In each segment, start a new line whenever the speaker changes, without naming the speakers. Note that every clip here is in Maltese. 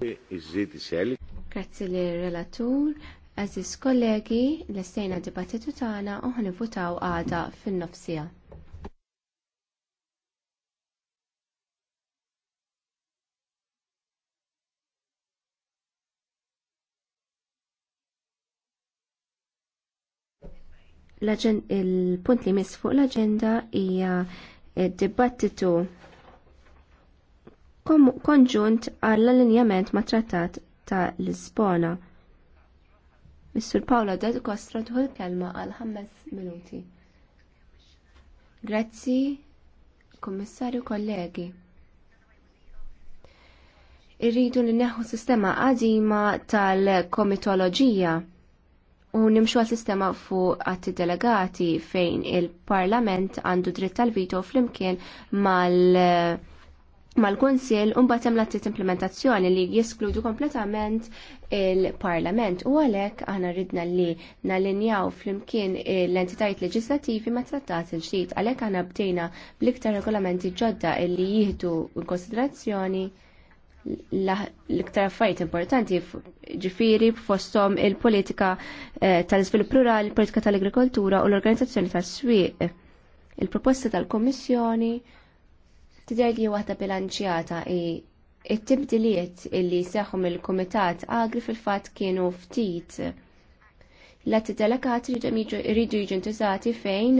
Grazzi
li relatur, aziz kollegi, l estajna dibattitu tagħna uħni votaw għada fin-nofsija. il-punt li mis fuq l-agenda hija dibattitu konġunt għall-allinjament ma' trattat ta' Lisbona. Mr. Paolo Ded Kostra tuħu kelma għal ħames minuti. Grazzi, Kommissarju kollegi. Irridu li neħu sistema għazima tal-komitoloġija u nimxu għal sistema fuq għatti delegati fejn il-parlament għandu dritt tal-vito flimkien mal- mal-Kunsil unbat hemm l-attiet implementazzjoni li jeskludu kompletament il-Parlament u għalhekk aħna ridna li nalinjaw flimkien l-entitajiet leġislativi ma' trattat il-ġdid għalhekk aħna bdejna bl-iktar regolamenti ġodda li jieħdu konsiderazzjoni l-iktar affarijiet importanti ġifiri fostom il-politika eh, tal-iżvilupp rurali, il-politika tal-agrikoltura u l-organizzazzjoni tas-swieq. Il-proposta tal-Kommissjoni tidher li waħda bilanċjata i it-tibdiliet illi seħħu mill-Kumitat Agri fil-fatt kienu ftit. l att delegat rridu jiġu ntużati fejn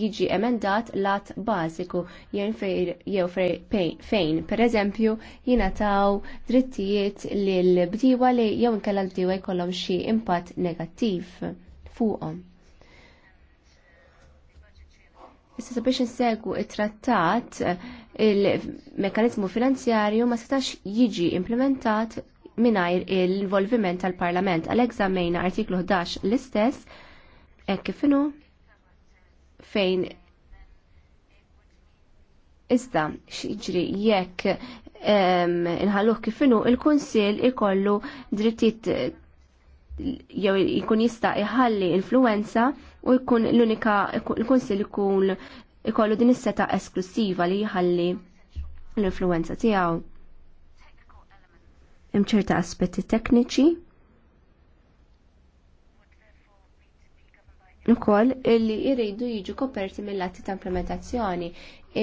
jiġi emendat lat bażiku jew fejn, per eżempju, jinataw drittijiet lill bdiewa li jew inkella l-bdiewa jkollhom xi impatt negattiv fuqhom. Issa sabiex insegwu it-trattat il-mekanizmu finanzjarju ma setax jiġi implementat minajr il-volviment tal-Parlament għal-egżamejna artiklu 11 l-istess, ek finu fejn Iżda, xieġri, jekk ehm, inħalluh kifinu, il-Kunsil ikollu drittit jew jkun jista' iħalli influenza u jkun l-unika il-Kunsil ikun ikollu din is-seta esklusiva li jħalli l-influenza tiegħu. Hemm ċerta aspetti tekniċi ukoll illi jridu jiġu koperti mill-atti ta' implementazzjoni.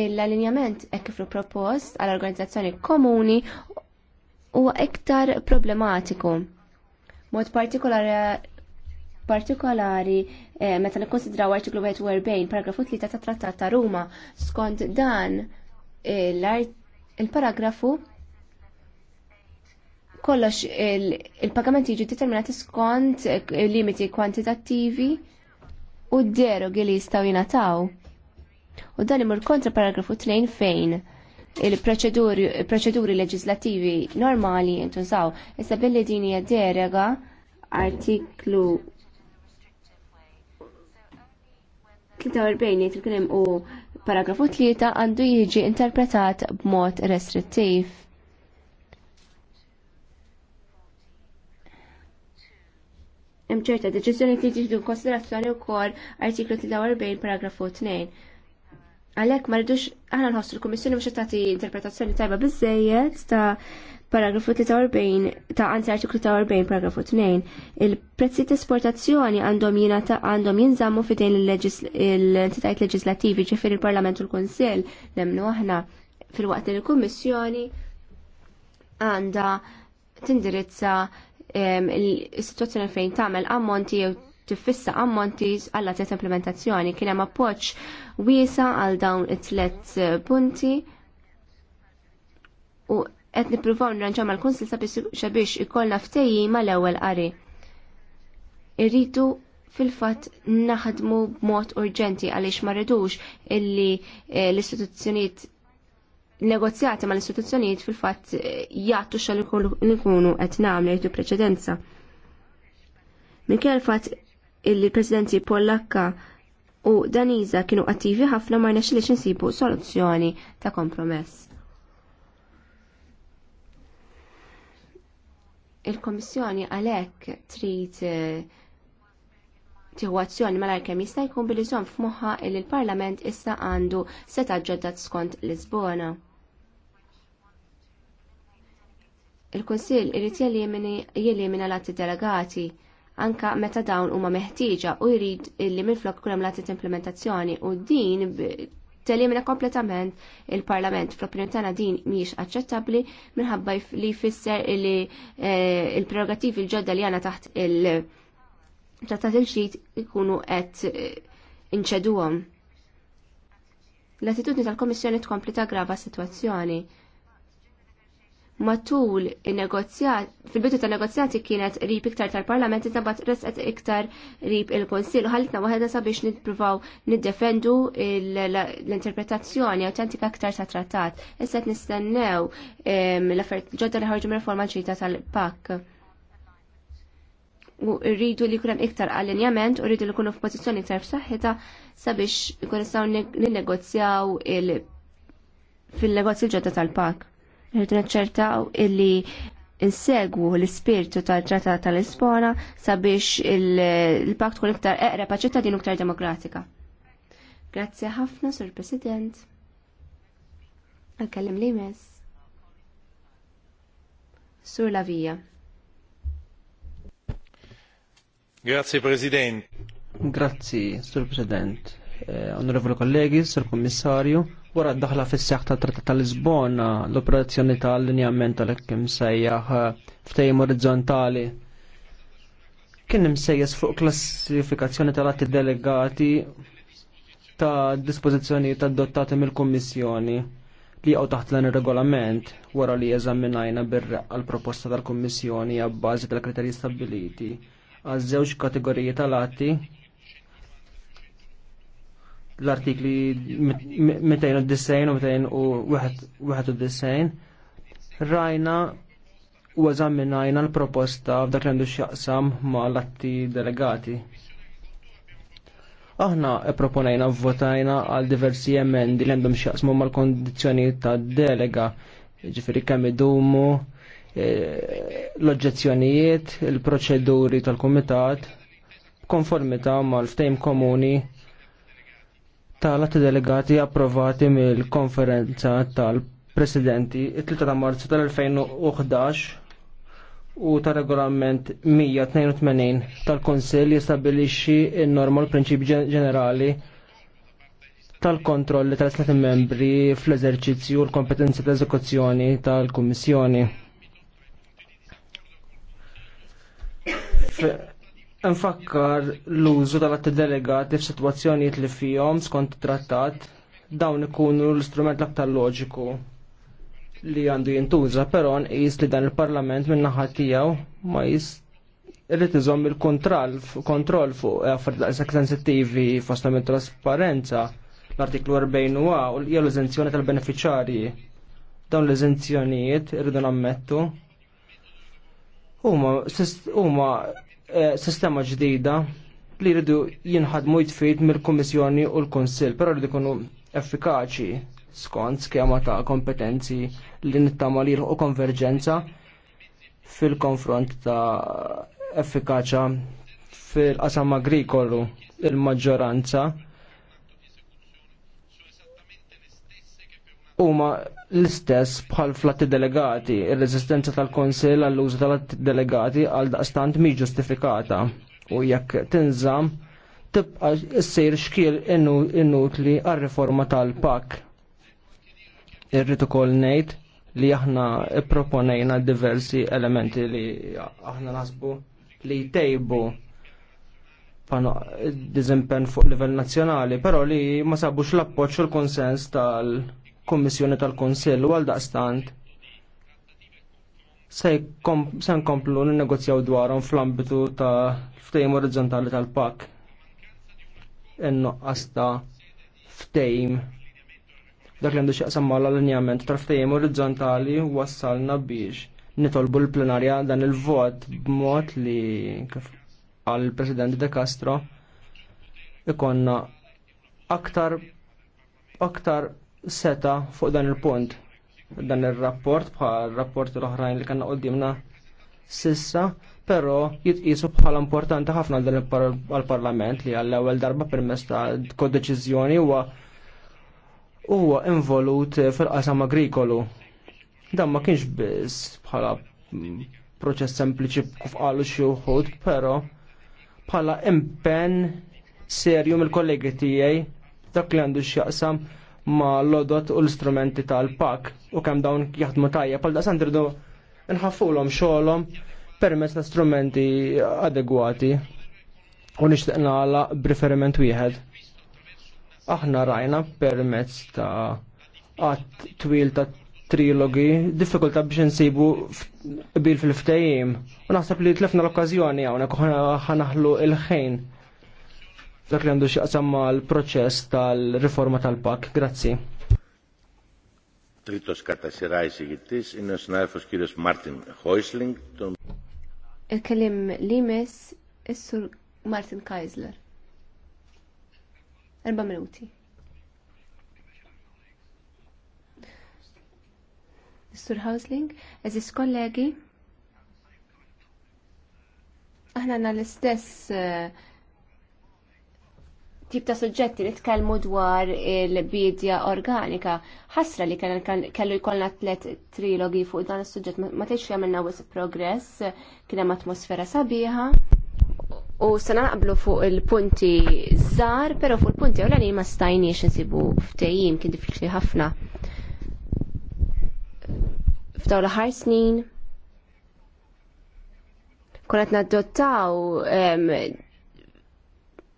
L-allinjament hekk kif propost għall organizzazzjoni komuni huwa iktar problematiku. Mod partikolari partikolari eh, meta nikkonsidraw artiklu 41 paragrafu 3 ta' Trattat ta' Ruma skont dan eh, il-paragrafu kollox il-pagamenti jiġu determinati skont eh, limiti kwantitattivi u d-derogi li jistaw jinataw. U dan imur kontra paragrafu 2 fejn il-proċeduri leġislativi normali jintużaw. Issa billi din hija għartiklu artiklu 43 li kien u paragrafu 3 għandu jiġi interpretat b'mod restrittiv. Hemm ċerta deċiżjoni li tiġi konsiderazzjoni u kol artiklu 43 paragrafu 2 Għalhekk ma rridux aħna nħossu l-Kummissjoni mhux tagħti interpretazzjoni tajba bizzejiet ta' paragrafu 43 ta' għanzi artiklu 43 paragrafu 2 il-prezzi ta' esportazzjoni għandhom għandhom jinżammu fidejn l entitajt leġislattivi ġifier il-Parlament u l-Kunsill nemnu aħna fil-waqt li l-Kummissjoni għandha tindirizza ehm, is situazzjoni fejn tagħmel ammonti jew tiffissa ammonti għalla tliet implementazzjoni. Kien hemm appoġġ wiesa għal dawn it-tliet eh, punti u qed nippruvaw nranġaw mal-Kunsil sabiex ikollna ftejji mal-ewwel qari. Irridu fil-fatt naħdmu b'mod urġenti għaliex ma rridux illi eh, l-istituzzjonijiet negozjati ma l-istituzzjonijiet fil-fatt eh, jgħattu xa li kunu qed nagħmlu jgħidu preċedenza. Minkejja l-fatt illi l presidenti Pollakka u Daniza kienu attivi ħafna ma rnex li xinsibu soluzzjoni ta' kompromess. Il-Komissjoni għalhekk trid eh, tieħu azzjoni malajr kemm jista' jkun billi żomm f'moħħa illi l-Parlament issa għandu seta' ġodda skont Lisbona. Il-Kunsill irid jelimina l-atti delegati anka meta dawn huma meħtieġa u jrid illi minflok kull hemm implementazzjoni u din telimina kompletament il-Parlament. Fl-opinjoni tagħna din mhijiex aċċettabbli minħabba li jfisser li eh, il-prerogativi l-ġodda li għana taħt il-trattat il-ġdid ikunu qed eh, inċeduhom. L-attitudni tal-Komissjoni tkompli tagrava s-sitwazzjoni matul il-negozjat, fil-bidu ta' negozjati kienet rib iktar tal-parlament, tabat resqet iktar rib il-konsil, ħallitna waħedna sabiex nippruvaw niddefendu l-interpretazzjoni autentika iktar ta' trattat. Issa nistennew l ġodda li ħarġu reforma ġita tal-PAK. U rridu li kunem iktar allinjament u rridu li kunu f'pożizzjoni iktar f'saħħita sabiex ikun nistgħu ninnegozjaw il- fil-negozju ġodda tal-pak. Rridu naċċertaw illi insegwu l-ispirtu tal-Trattat tal-Lisbona sabiex il-pakt tkun iktar paċetta din iktar demokratika. Grazzi ħafna, Sur President. Għalkellim li mes. Sur Lavija.
Grazie President.
Grazzi, Sur President. Eh, onorevoli kollegi, Sur Kommissarju Wara d-daħla fis-seħħ tat Trattat tal Lisbona, l-operazzjoni ta' allinjament tal-hekk sejjaħ eh, ftehim orizzontali kien imsejjes fuq klassifikazzjoni tal-atti delegati ta' dispożizzjoni ta' dottati mill-Kummissjoni li għaw taħt l regolament wara li eżaminajna bir req għall proposta tal-Kummissjoni għabbażi tal-kriterji stabiliti għaż żewġ kategoriji tal-atti l-artikli 291 u Rajna u eżaminajna l-proposta f'dak li għandu x'jaqsam ma' l-atti delegati. Aħna proponajna votajna għal diversi emendi li għandhom x'jaqsmu mal-kondizzjoni ta' delega, ġifieri kemm idumu, e, l-oġġezzjonijiet, il-proċeduri tal-Kumitat, konformità mal-ftejm komuni tal ta' delegati approvati mill-konferenza tal-presidenti it-3 ta' marzu tal-2011 u ta' regolament 182 tal-Konsil jistabilixi n-norma l ġenerali tal-kontrolli tal-Stati membri fl-eżerċizzju u l-kompetenzi tal-eżekuzzjoni tal-Kummissjoni. Nfakkar l-użu tal-atti f f'sitwazzjonijiet li fihom skont trattat dawn ikunu l-istrument l-aktar loġiku li għandu jintuża, però nqis li dan il-Parlament minn naħa tiegħu ma jis irrid iżomm il-kontroll fuq affarijiet sensittivi minn trasparenza l-artiklu 40 u hija l-eżenzjoni tal-beneficjarji. Dawn l-eżenzjonijiet irridu nammettu huma Eh, sistema ġdida li rridu jinħadmu jitfid mill-Kummissjoni u l-Konsil, però rridu jkunu effikaċi skont skema ta' kompetenzi li nittama li u konverġenza fil-konfront ta' effikaċa fil-qasam agrikolu il-maġġoranza huma l-istess bħal flat delegati, ir-reżistenza tal-Konsil għall-użu tal-atti delegati għal daqstant mi ġustifikata u jekk tinżam tibqa ssir xkiel inutli għal-riforma tal-pak. Irrid ukoll ngħid li aħna proponejna diversi elementi li aħna nasbu li jtejbu diżimpen fuq livell nazzjonali, però li ma sabux l-appoċ u l-konsens tal- Kummissjoni tal-Kunsill għal daqstant se nkomplu n-negozjaw dwarhom fl-ambitu ta' ftehim orizzontali tal-pak. Innoqqas ta' ftehim dak li għandu xaqsam mal allinjament tal ftehim orizzontali wassalna biex nitolbu l-plenarja dan il-vot b'mod li għal president De Castro ikonna aktar aktar seta fuq dan il-punt. Dan il-rapport bħal rapport l-oħrajn li kanna qoddimna sissa, pero jitqisu bħala importanti ħafna dan il-parlament li għall-ewwel darba permess ta' kodeċiżjoni huwa huwa involut fil-qasam agrikolu. Dan ma kienx biss bħala proċess sempliċi kif qalu xi wħud, però bħala impenn serju mill-kollegi tiegħi dak li għandu x'jaqsam ma l-odot u l strumenti tal-pak u kem dawn jaħdmu tajja pal daqsan tridu nħaffulhom xogħolhom permezz ta' strumenti adegwati u nixtieq nagħlaq b'riferiment wieħed. Aħna rajna permezz ta' għat twil ta' trilogi diffikulta biex nsibu bil fil-ftejim u naħseb li tlefna l-okkazjoni hawnhekk ħanaħlu il-ħejn. il ħin dak li għandu xaqsam mal proċess tal-riforma tal-pak. Grazzi. Tritos kata siraj sigittis, inna snarfus kirjus Martin Heusling.
Il-kelim limes, is-sur Martin Kaisler. Erba minuti. is Housling, Hausling, eżis kollegi, aħna għanna l-istess eh, tip ta' suġġetti tkellmu dwar il-bidja organika. Ħasra li kellu jkollna tlet trilogi fuq dan is-suġġett ma tgħidx jagħmilna wisq progress, kien hemm atmosfera sabiħa. U se naqblu fuq il-punti żgħar, però fuq il-punti ewlenin ma stajniex insibu ftehim kien diffiċli ħafna. F'daw l-aħħar snin konet naddottaw ehm,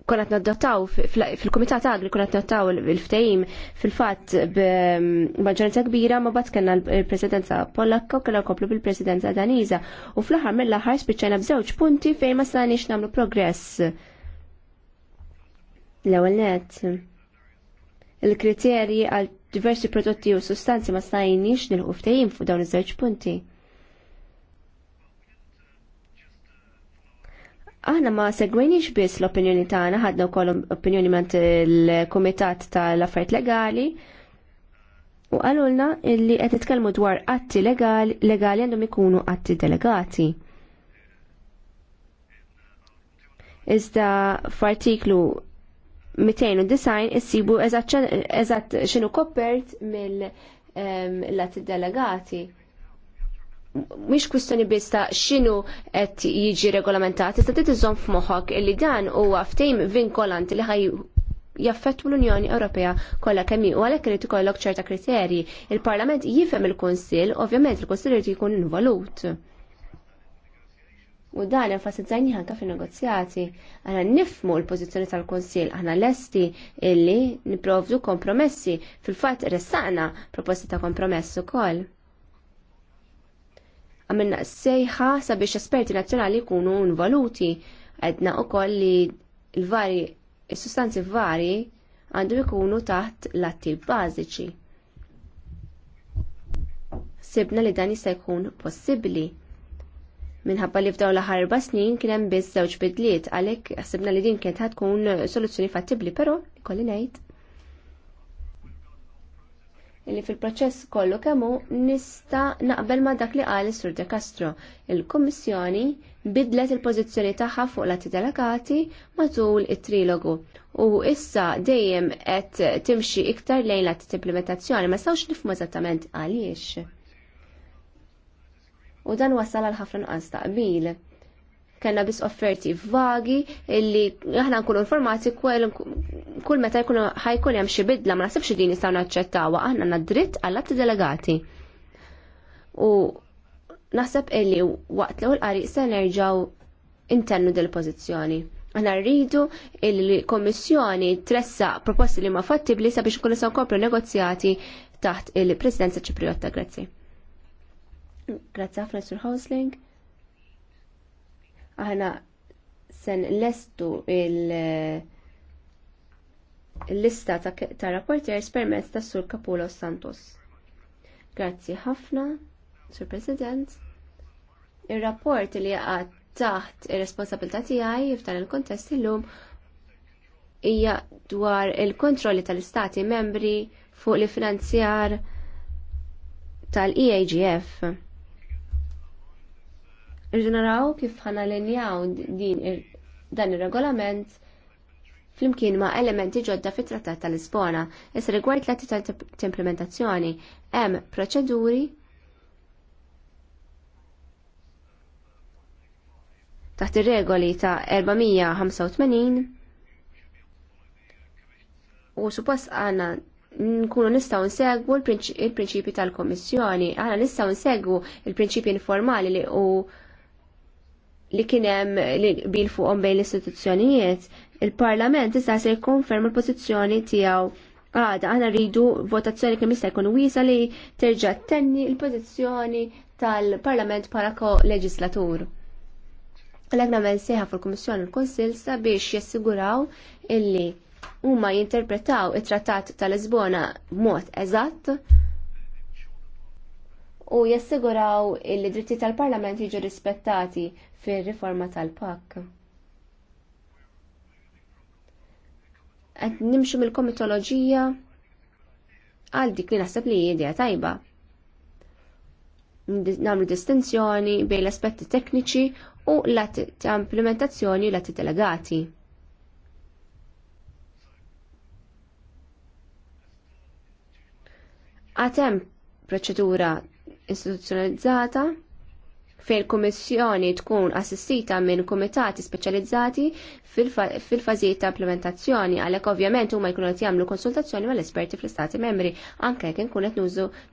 konat naddataw fil-Komitat Agri konat naddataw il-ftejim fil-fat b'maġġoranza kbira ma bat kena l-presidenza Polakka u kena koplu bil-presidenza Daniza u fl-ħar mill-ħar spiċċajna b'żewġ punti fejn ma sanix namlu progress. L-ewwel net. Il-kriterji għal diversi prodotti u sustanzi ma stajniex nilħu ftejim fuq dawn iż-żewġ punti. Aħna ma segwenix biss l-opinjoni tagħna, ħadna wkoll opinjoni ment il-Kumitat tal-Affarijiet Legali u għalulna illi qed titkellmu dwar atti legali legali għandhom ikunu atti delegati. Iżda f'artiklu 209 issibu eżatt xinu koppert mill-atti delegati mhix kwistjoni biss ta' x'inhu qed jiġi regolamentat, tista' trid iżomm f'moħħok li dan huwa ftehim vinkolanti li ħaj jaffettu l-Unjoni Ewropea kollha kemm u għalhekk irid ikollok ċerta kriterji. Il-Parlament jifhem il-Kunsill, ovvjament il-Kunsill irid jkun involut. U dan enfasizzajni ħanka fin negozjati Aħna nifmu l-pożizzjoni tal-Kunsill, aħna lesti illi niprovdu kompromessi. Fil-fatt ressaqna proposti ta' kompromess ukoll għamilna sejħa sabiex esperti nazzjonali jkunu involuti għedna u koll li l-vari, il-sustanzi vari għandu jkunu taħt l-atti bażiċi. Sibna li dan jista' jkun possibbli. Minħabba li f'daw l-aħħar erba' snin kien hemm biss żewġ bidliet għalhekk ħsibna li din kienet tkun soluzzjoni fattibbli, però kolli ngħid li fil-proċess kollu kemmu nista naqbel ma dak li qal sur De Castro. Il-Kummissjoni bidlet il-pożizzjoni tagħha fuq l-atti delegati matul it-trilogu u issa dejjem qed timxi iktar lejn l-atti implementazzjoni ma sawx nifhmu eżattament għaliex. U dan wasal għal ħafna nuqqas taqbil kena biss offerti vagi illi aħna nkunu informati kull meta jkunu ħajkun hemm xi bidla ma nasibx din nistgħu naċċettawha aħna għanna dritt għall atti delegati. U naħseb illi waqt l-ewwel qari se nerġgħu intennu del pożizzjoni. Aħna rridu il komissjoni tressa proposti li ma fattibli sabiex ikunu sa' nkomplu negozjati taħt il-Presidenza Ċipriotta. Grazzi. Grazzi ħafna Sir Hosling aħna sen lestu il-lista ta', rapporters permezz ta' Sur Capulo Santos. Grazzi ħafna, Sur President. Il-rapport li għad taħt ir responsabilta tiegħi f'dan il-kontest illum hija dwar il-kontrolli tal-istati membri fuq li finanzjar tal-EAGF naraw kif ħana linjaw din dan ir-regolament flimkien ma' elementi ġodda fit trattat tal-Lisbona, Issa rigward l ta' implementazzjoni hemm proċeduri taħt ir-regoli ta' 485 u suppost għanna nkunu nistaw nsegwu il-prinċipi tal-Komissjoni, għanna nistaw nsegwu il-prinċipi informali li u li kien hemm li bil fuqhom bejn l-istituzzjonijiet, il-Parlament issa se jikkonferma l-pożizzjoni tiegħu għada għana rridu votazzjoni kemm jista' jkun wiesa li terġa' tenni l-pożizzjoni tal-Parlament bħala ko-leġislatur. L-għagna men seħa fil-Komissjoni l-Konsil sabiex jessiguraw illi huma jinterpretaw it-trattat tal-Lisbona b'mod eżatt u jassiguraw illi dritti tal-Parlament jiġu rispettati fir-riforma tal-pakk. Qed nimxu mill-komitoloġija għal dik li naħseb li jidja tajba. Namlu distinzjoni bejn l-aspetti tekniċi u l ta' implementazzjoni u l-atti delegati. Għatem proċedura istituzzjonalizzata fejn il-Kummissjoni tkun assistita minn kumitati speċjalizzati fil-fażijiet ta' implementazzjoni għalhekk ovvjament huma jkunu qed jagħmlu konsultazzjoni mal-esperti fl-Istati membri anke jekk inkun qed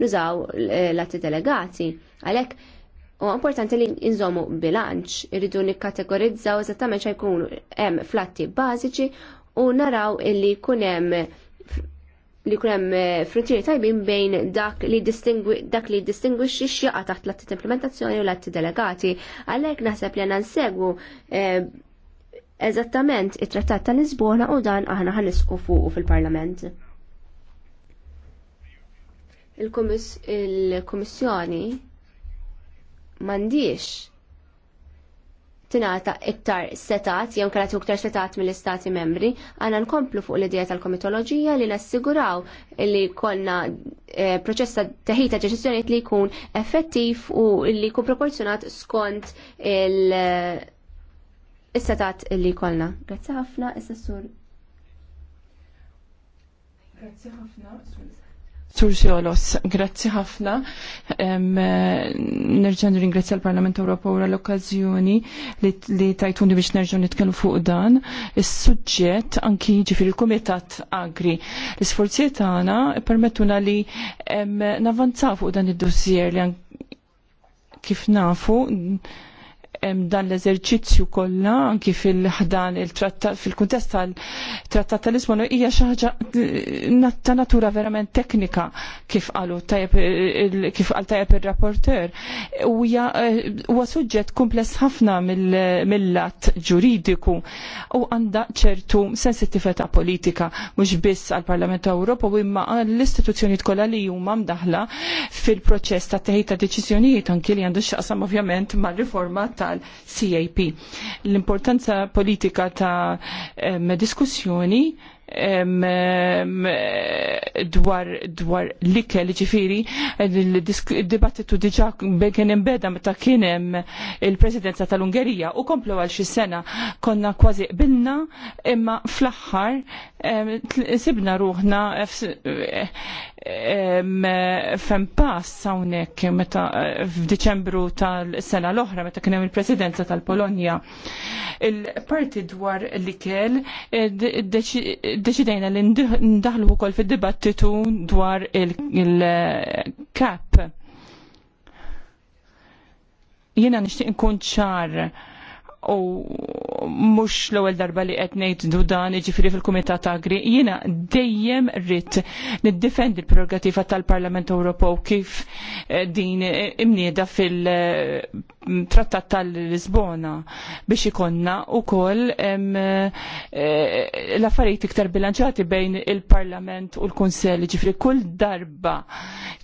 nużaw l-atti delegati. Għalhekk u importanti li nżommu bilanċ, irridu nikkategorizzaw eżattament jkun hemm flatti bażiċi u naraw illi jkun hemm li kunem eh, frontieri tajbin bejn dak li dak li distingwixxi xjaqa taħt l attit implementazzjoni u l-atti delegati. Għalhekk naħseb li nansegwu eh, eżattament it-Trattat ta' Lisbona u dan aħna ħanisqu fuq fil-Parlament. Il-Kummissjoni mandiex tingħata iktar setat, jew kellha iktar setat mill-istati membri, għandna nkomplu fuq l-idea tal-komitoloġija li nassiguraw li konna eh, proċess ta' teħita deċiżjonijiet li jkun effettiv u li jkun proporzjonat skont il- eh, Is-setat li kolna. Grazzi ħafna, is sur.
Grazzi ħafna, Sur grazzi ħafna. Nerġan ringrazzja l-Parlament Ewropew l okkażjoni li tajtuni biex nerġan nitkellmu fuq dan. Is-suġġett anki ġifir il-Kumitat Agri. L-isforzi tagħna permettuna li navanzaw fuq dan id-dossier li kif nafu dan l-eżerċizzju kollha anki fil-ħdan il-trattat fil-kuntest tal-trattat tal-Lisbon hija xi ħaġa ta' natura verament teknika kif qalu kif qal tajjeb ir-rapporter eh, huwa suġġett kumpless ħafna mill-lat ġuridiku u għandha ċertu sensittività politika mhux biss għall-Parlament Ewropa u imma l-istituzzjonijiet kollha li huma mdaħla fil-proċess ta' teħid ta' deċiżjonijiet anki li għandu x'aqsam ovvjament mar-riforma ta' tal-CAP. L-importanza politika ta' diskussjoni dwar dwar l-ikke li ġifiri il-dibattitu diġa kien imbeda ta' kien hemm il-presidenza tal-Ungerija u komplu għal xi sena konna kważi qbilna imma fl-aħħar sibna ruħna f'mpass hawnhekk meta f'Diċembru tal-sena l-oħra meta kien hemm il-Presidenza tal-Polonja. Il-parti dwar l-ikel deċidejna li ndaħlu wkoll fid-dibattitu dwar il-kap. Jiena nixtieq nkun ċar u mux l-ewwel darba li qed ngħid dan jiġifieri fil-Kumitat Agri, jiena dejjem rrid niddefend il-prerogativa tal-Parlament Ewropew kif eh, din eh, imnieda fil-Trattat tal-Lisbona biex ikonna wkoll eh, l-affarijiet iktar bilanċati bejn il-Parlament u l-Kunsell, iġifiri kull darba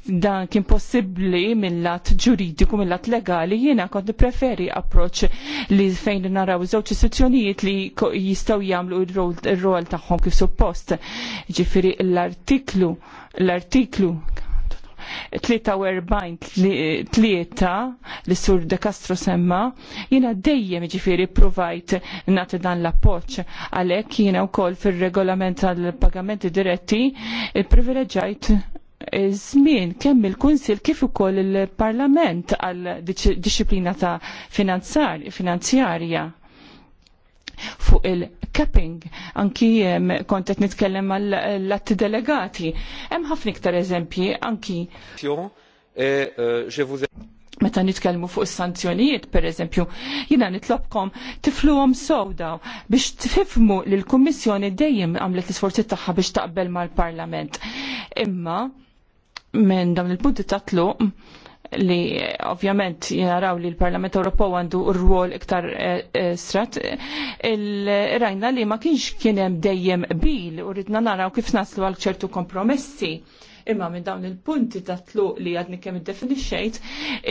dan kien possibbli mill-lat ġuridiku, mill-lat legali, jiena kont preferi approċċ li fejn naraw żewġ istituzzjonijiet li jistgħu jagħmlu r-rol tagħhom kif suppost. Ġifieri l-artiklu l-artiklu 43 li sur De Castro semma, jina dejjem ġifiri provajt nati dan l-appoċ. Għalek jina u kol fil-regolament għal-pagamenti diretti, eh, privileġajt żmien kemm il-Kunsil kif ukoll il-Parlament għal disċiplina ta' finanzjarja fuq il-capping, anki kontet nitkellem għall-latti delegati. Hemm ħafna iktar eżempji anki. E, e, Meta nitkellmu fuq is-sanzjonijiet, pereżempju, jiena nitlobkom tifluhom sowda biex tifhmu li l-Kummissjoni dejjem għamlet l-isforzi tagħha biex taqbel mal-Parlament. Imma minn dawn il-punti ta' tluq li ovvjament jenaraw li l-Parlament Ewropew għandu rwol iktar eh, eh, strat, il-rajna li ma kienx kienem dejjem bil u ridna naraw kif naslu għal ċertu kompromessi. Imma minn dawn il-punti ta' li għadni kemm iddefinixxejt,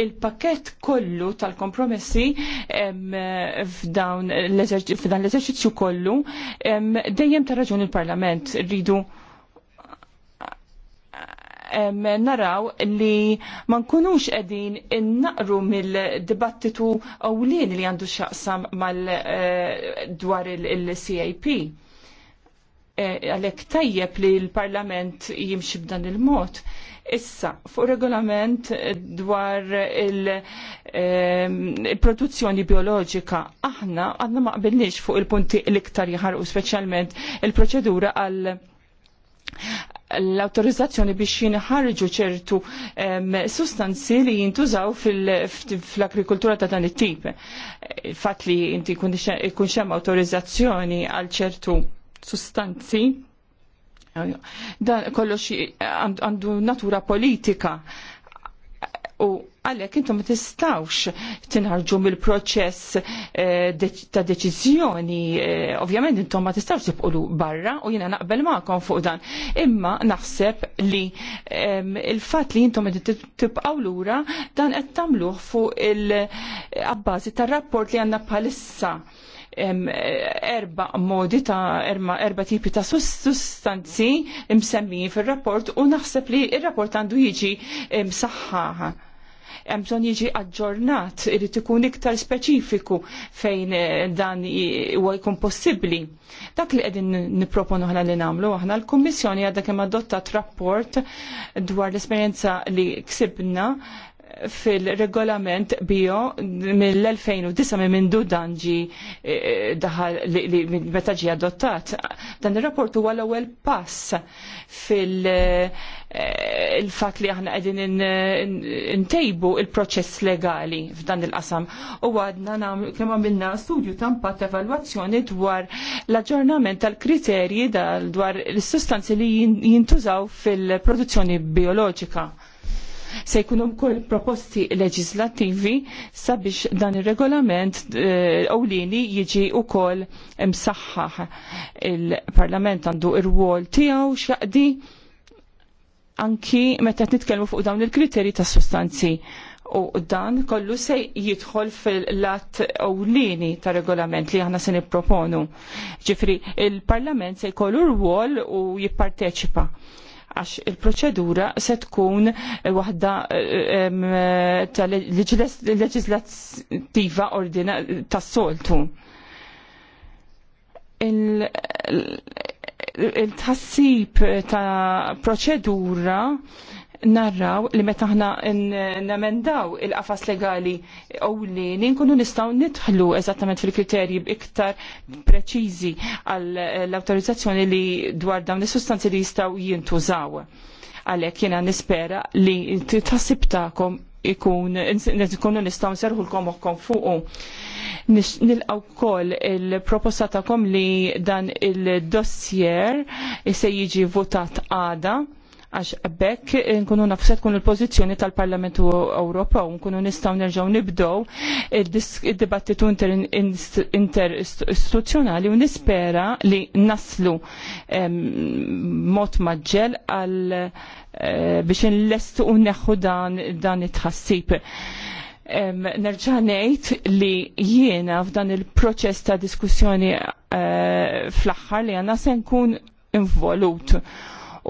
il-pakett kollu tal-kompromessi f'dan l-eżerċizzju kollu dejjem ta' raġun il-Parlament rridu naraw li ma nkunux qegħdin innaqru mill-dibattitu ewlien li għandu x'aqsam mal-dwar eh, il-CAP. Eh, għalhekk tajjeb li l-Parlament jimxi b'dan il-mod. Issa, fuq regolament dwar il-produzzjoni il bioloġika, aħna għadna ma qbilniex fuq il-punti l-iktar jħarqu speċjalment il-proċedura għal l-autorizzazzjoni biex jinħarġu ċertu sustanzi li jintużaw fl-agrikoltura ta' dan it-tip. E, Fatt li inti kun xem autorizzazzjoni għal ċertu sustanzi eh, dan kollox eh, għandu natura politika u għalhekk intom ma tistawx tinħarġu mill-proċess eh, ta' deċiżjoni, eh, ovvjament intom ma tistawx tibqulu barra u jiena naqbel magħkom fuq dan. Imma naħseb li il-fatt li intom tibqgħu lura dan qed tagħmluh fuq il-abbażi tar-rapport li għandna bħalissa erba modi ta' erba, erba tipi ta' sustanzi msemmi fil-rapport u naħseb li il-rapport għandu jiġi msaħħaħ hemm bżonn jiġi aġġornat, irid ikun iktar speċifiku fejn eh, dan huwa jkun possibbli. Dak li qegħdin nipproponu aħna li nagħmlu aħna l-Kummissjoni għadha kemm adottat rapport dwar l-esperjenza li ksibna fil-regolament bio mill-2009 minn mindu danġi eh, daħal li meta ġi adottat. Dan ir-rapport huwa l-ewwel pass fil-fatt eh, li aħna qegħdin intejbu il-proċess legali f'dan il-qasam. U għadna kemm għamilna studju ta' impatt evalwazzjoni dwar l-aġġornament tal-kriterji dwar l-sustanzi li jintużaw fil-produzzjoni bioloġika se jkunu wkoll proposti leġislattivi sabiex dan ir-regolament eh, ewlieni jiġi wkoll msaħħaħ Il-Parlament għandu ir wol tiegħu x'jaqdi anki meta nitkellmu fuq dawn il-kriterji ta' sostanzi u dan kollu se jidħol fil-lat ewlieni ta' regolament li aħna se nipproponu. Ġifri, il-Parlament se jkollu rwol u jipparteċipa għax il-proċedura se tkun eh, waħda eh, eh, ta' leġislattiva ordina tas soltu. Il-tħassib ta' proċedura narraw li meta ħna namendaw il-qafas legali u li ninkunu nistaw nidħlu eżattament fil-kriterji iktar preċiżi għall-autorizzazzjoni li dwar dawn is-sustanzi li jistaw jintużaw. Għalhekk jiena nispera li tħassib tagħkom ikun nkunu nistgħu nserħulkom fuqu. Nilqaw kol il-proposta tagħkom li dan il-dossier se jiġi votat għada għax bekk nkunu nafset tkun il-pozizjoni tal-Parlamentu Ewropew, nkunu nistgħu nerġgħu nibdew id-dibattitu interistituzzjonali u nispera li naslu mod maġġel għal eh, biex nlestu u neħu dan it-tħassib nerġanejt li jiena f'dan il-proċess ta' diskussjoni eh, fl-axħar li għanna se nkun involut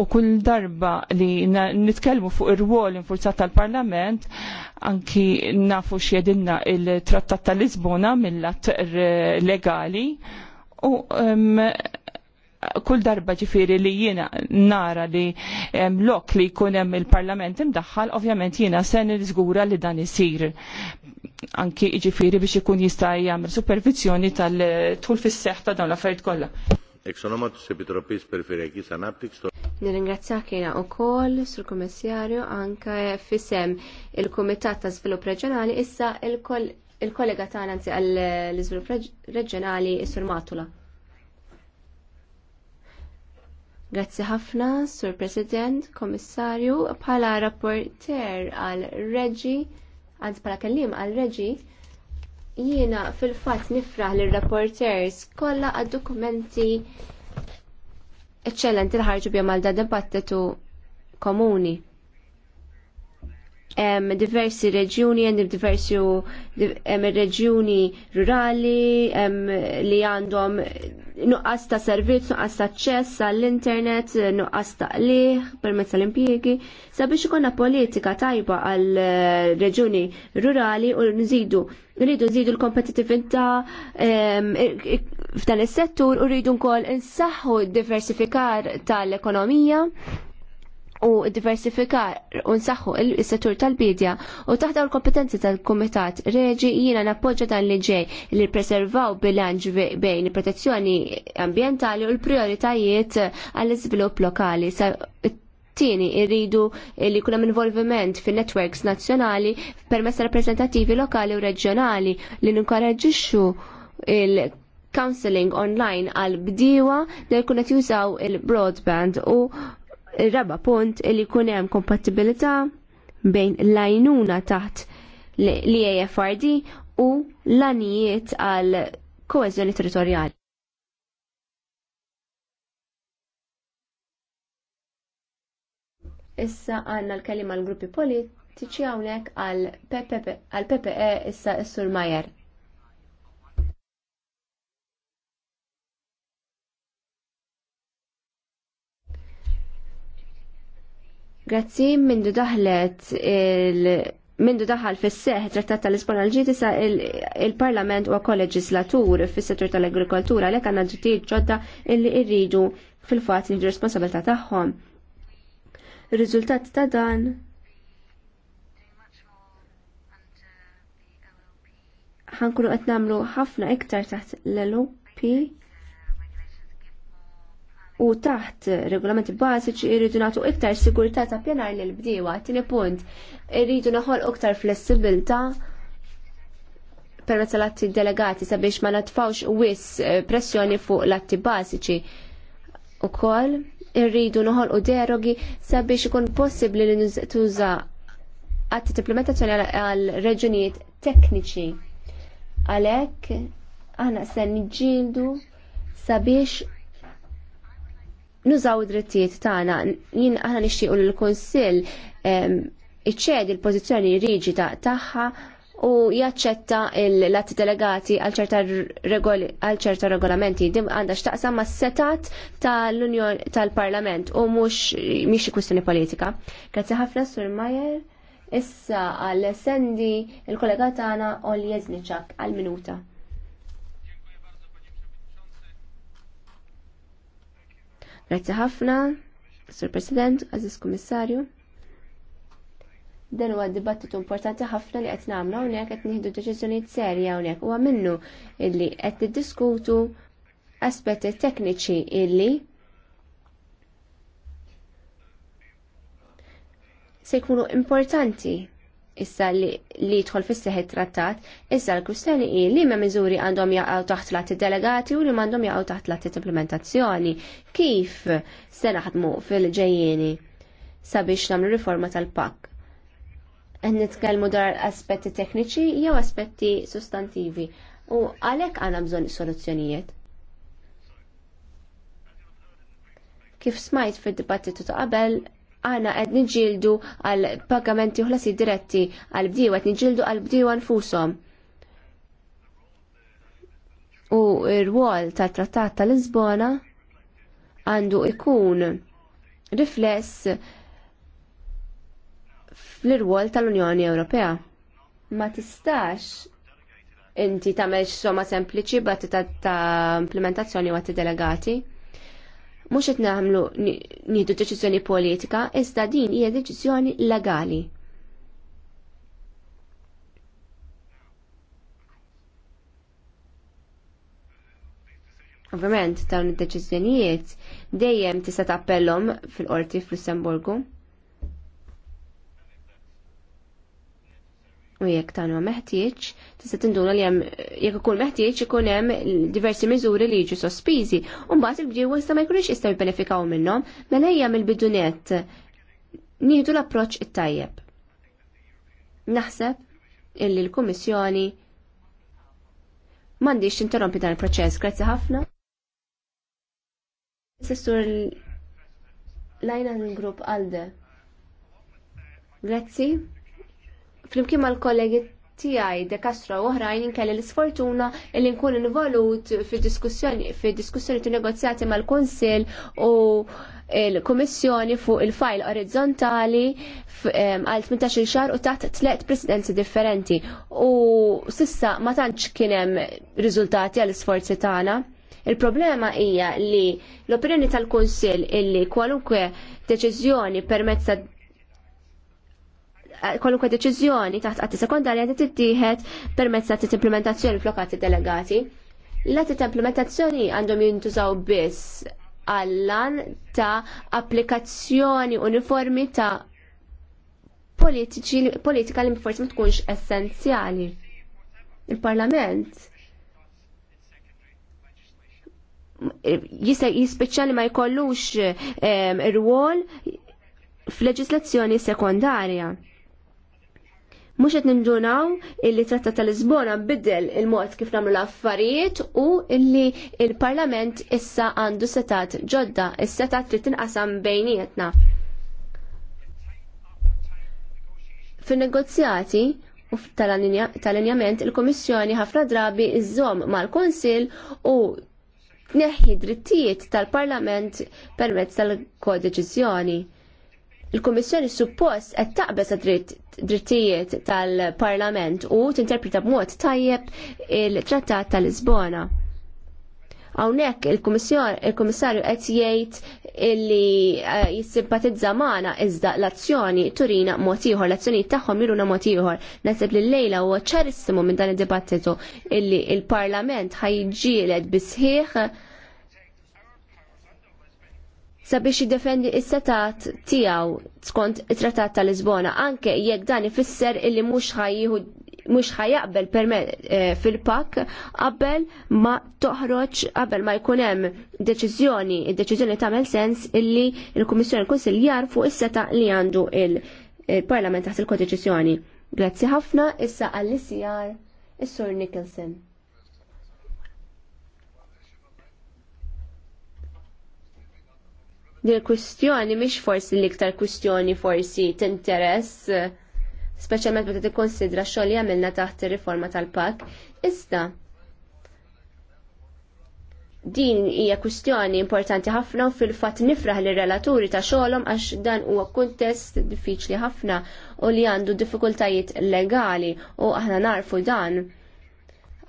u kull darba li nitkellmu fuq ir-rwol infurzat tal-Parlament anki nafu xiedinna il-Trattat tal-Lisbona mill-att legali u um, kull darba ġifiri li jiena nara li lok li jkunem il-Parlament imdaħħal, ovvjament jiena sen il-żgura li dan isir anki ġifiri biex ikun jista' jagħmel supervizjoni tal-tul fis-seħħ ta' dawn l-affarijiet kollha. Nirringrazzja ονόματος u koll sur kommissarju
anka fisem il-Komitat ta' Svilup Reġjonali issa il-kollega ta' għanzi għall svilup Reġjonali sur Matula. Grazzi ħafna, Sur President, Kommissarju, bħala rapporter għal Reġi, għanzi pala kellim għal Reġi, Jiena fil-fatt nifraħ lir reporters kollha għad-dokumenti eċċellenti li ħarġu bjom għal da dibattitu komuni. Em, diversi reġjuni, hemm diversi reġjuni rurali em, li għandhom nuqqas ta' servizz, nuqqas ta' ċess għall-internet, nuqqas ta' liħ permezz tal-impjiegi, sabiex ikonna politika tajba għal reġuni rurali u nżidu rridu nżidu l-kompetitività f'dan is-settur u rridu nkoll insaħħu d diversifikar tal-ekonomija u diversifikar u nsaħħu il-settur tal-bidja u taħda l-kompetenzi tal-Kumitat Reġi jina nappoġġa dan li ġej li preservaw bilanġ bejn protezzjoni ambientali u l-prioritajiet għall-iżvilupp lokali. Tieni irridu li kunem involviment fin networks nazzjonali permess rappresentativi lokali u reġjonali li ninkoraġġixxu il- counseling online għal bdiewa li jkun qed jużaw il-broadband u Il-raba punt li jkun hemm kompatibilità bejn l taħt l-AFRD u l-anijiet għal koezjoni territorjali. Issa għanna l-kelima l-gruppi politiċi għawnek għal PPE issa Issur sur Majer. Grazzi mindu daħlet il- Mindu daħal fis seħ trattat tal-Lisbona l-ġiti il-Parlament il u fis settur tal-agrikoltura li kanna ġitijiet ġodda illi irridu fil-fat li responsabilità tagħhom. Riżultat ta' dan ħankunu qed nagħmlu ħafna iktar taħt l-LOP u taħt regolamenti bażiċi irridu nagħtu iktar sigurtà ta' pjanar lil bdiewa. Tieni punt, irridu naħol iktar flessibilità permezz l-atti delegati sabiex ma natfawx wis eh, pressjoni fuq l-atti bażiċi. Ukoll irridu noħolqu derogi sabiex ikun possibbli li tuża għatti diplomatazzjoni għal reġunijiet tekniċi. Għalhekk aħna se niġġieldu sabiex nużaw id-drittijiet tagħna. Jien aħna nixtiequ l kunsill iċċedi l-pożizzjoni riġita tagħha u jaċċetta l-atti delegati għal ċerta regolamenti dim għandha x'taqsam ma' setat tal unjoni tal-Parlament u mhux mhix kwistjoni politika. Grazzi ħafna Sur Majer. Issa għal sendi il-kollega tagħna Oljeżniċak għal minuta. Grazzi ħafna, Sur President, Aziz Kummissarju. Dan huwa dibattitu importanti ħafna li qed nagħmlu hawnhekk qed nieħdu deċiżjonijiet serja hawnhekk huwa minnu illi qed niddiskutu aspetti tekniċi illi se jkunu importanti issa li jidħol fis seħi trattat, issa l-kustjoni hi li ma miżuri għandhom jaqgħu taħt lati delegati u li m'għandhom jaqgħu taħt lati implementazzjoni. Kif se naħdmu fil-ġejjieni sabiex nagħmlu riforma tal-pakk? Qed nitkellmu dwar aspetti tekniċi jew aspetti sustantivi u għalhekk għandna bżonn soluzzjonijiet. Kif smajt fid-dibattitu ta' qabel, għana għed nġildu għal pagamenti uħlasi diretti għal bdiju, għed nġildu għal bdiju għanfusom. U r-wol ta' trattat ta' Lisbona għandu ikun rifless fl-irwol tal-Unjoni Ewropea. Ma tistax inti tamel somma sempliċi bat ta' implementazzjoni għat għatti delegati mhux qed nagħmlu nieħdu deċiżjoni politika, iżda din hija deċiżjoni legali. Ovvjament dawn id-deċiżjonijiet dejjem tista' tappellhom fil-qorti fl-Lussemburgu. u jekk dan meħtieġ, tista' tinduna li hemm jekk ikun meħtieġ ikun hemm diversi miżuri li jiġu sospiżi. U mbagħad il-bdiewa issa ma jkunux jistgħu jibbenefikaw minnhom, mela hija mill-bidunet nieħdu l-approċċ it-tajjeb. Naħseb illi l-Kummissjoni m'għandix tinterrompi dan il-proċess. Grazzi ħafna. Sessur lajna l-grupp Alde. Grazzi flimkien mal-kollegi tiegħi De Castro oħrajn inkelli l-sfortuna li nkun involut fid-diskussjoni fid-diskussjoni tu negozjati mal-Kunsill u l-Kummissjoni fuq il-fajl orizzontali għal 18 xahar u taħt tliet presidenzi differenti u sissa ma tantx kien hemm riżultati għall isforzi tagħna. Il-problema hija li l-opinjoni tal-Kunsill illi kwalunkwe deċiżjoni permezz kwalunkwe deċiżjoni taħt qatti sekondarja li tittieħed permezz ta' implementazzjoni fl-lokati delegati. L-qatti implementazzjoni għandhom jintużaw biss għallan ta' applikazzjoni uniformi ta' politika li forsi ma tkunx essenzjali. Il-Parlament jispeċali ma jkollux ir-rwol ehm, leġislazzjoni sekondarja. Mhux qed nindunaw illi tratta tal-Lisbona biddel il-mod kif nagħmlu l-affarijiet u illi il-Parlament issa għandu setat ġodda, is-setat trid tinqasam bejnietna. Fin-negozjati u tal-injament il-Komissjoni ħafna drabi iżżomm mal-Konsil u neħi drittijiet tal-Parlament permezz tal-kodeċizjoni il-Kommissjoni suppost qed taqbes drittijiet tal-Parlament u tinterpreta b'mod tajjeb il-Trattat tal-Lisbona. Hawnhekk il-Kummissarju qed jgħid illi eh, jissimpatizza magħna iżda l-azzjoni turina mod ieħor, l-azzjonijiet tagħhom jiruna mod ieħor. Naħseb li llejla huwa ċarissimu minn dan id-dibattitu illi il-Parlament ħajġieled bisħieħ sabiex jiddefendi is-setat tiegħu skont it-Trattat ta' Lisbona anke jekk dan ifisser illi mhux ħajjieħu mhux ħajjaqbel eh, fil-pak qabel ma toħroġ qabel ma jkun hemm deċiżjoni, d deċiżjoni tagħmel sens illi l-Kummissjoni l-Kunsill jarfu is-seta li għandu il-Parlament eh, taħt il-Kodeċiżjoni. Grazzi ħafna issa għall-ICR is-Sur Nicholson. Dil kwistjoni mhix forsi l-iktar kwistjoni forsi tinteress, speċjalment meta tikkonsidra xogħol li għamilna taħt ir-riforma tal-pak, iżda din hija kwistjoni importanti ħafna u fil-fatt nifraħ lir relaturi ta' xogħolhom għax dan huwa kuntest diffiċli ħafna u li għandu diffikultajiet legali u aħna narfu dan.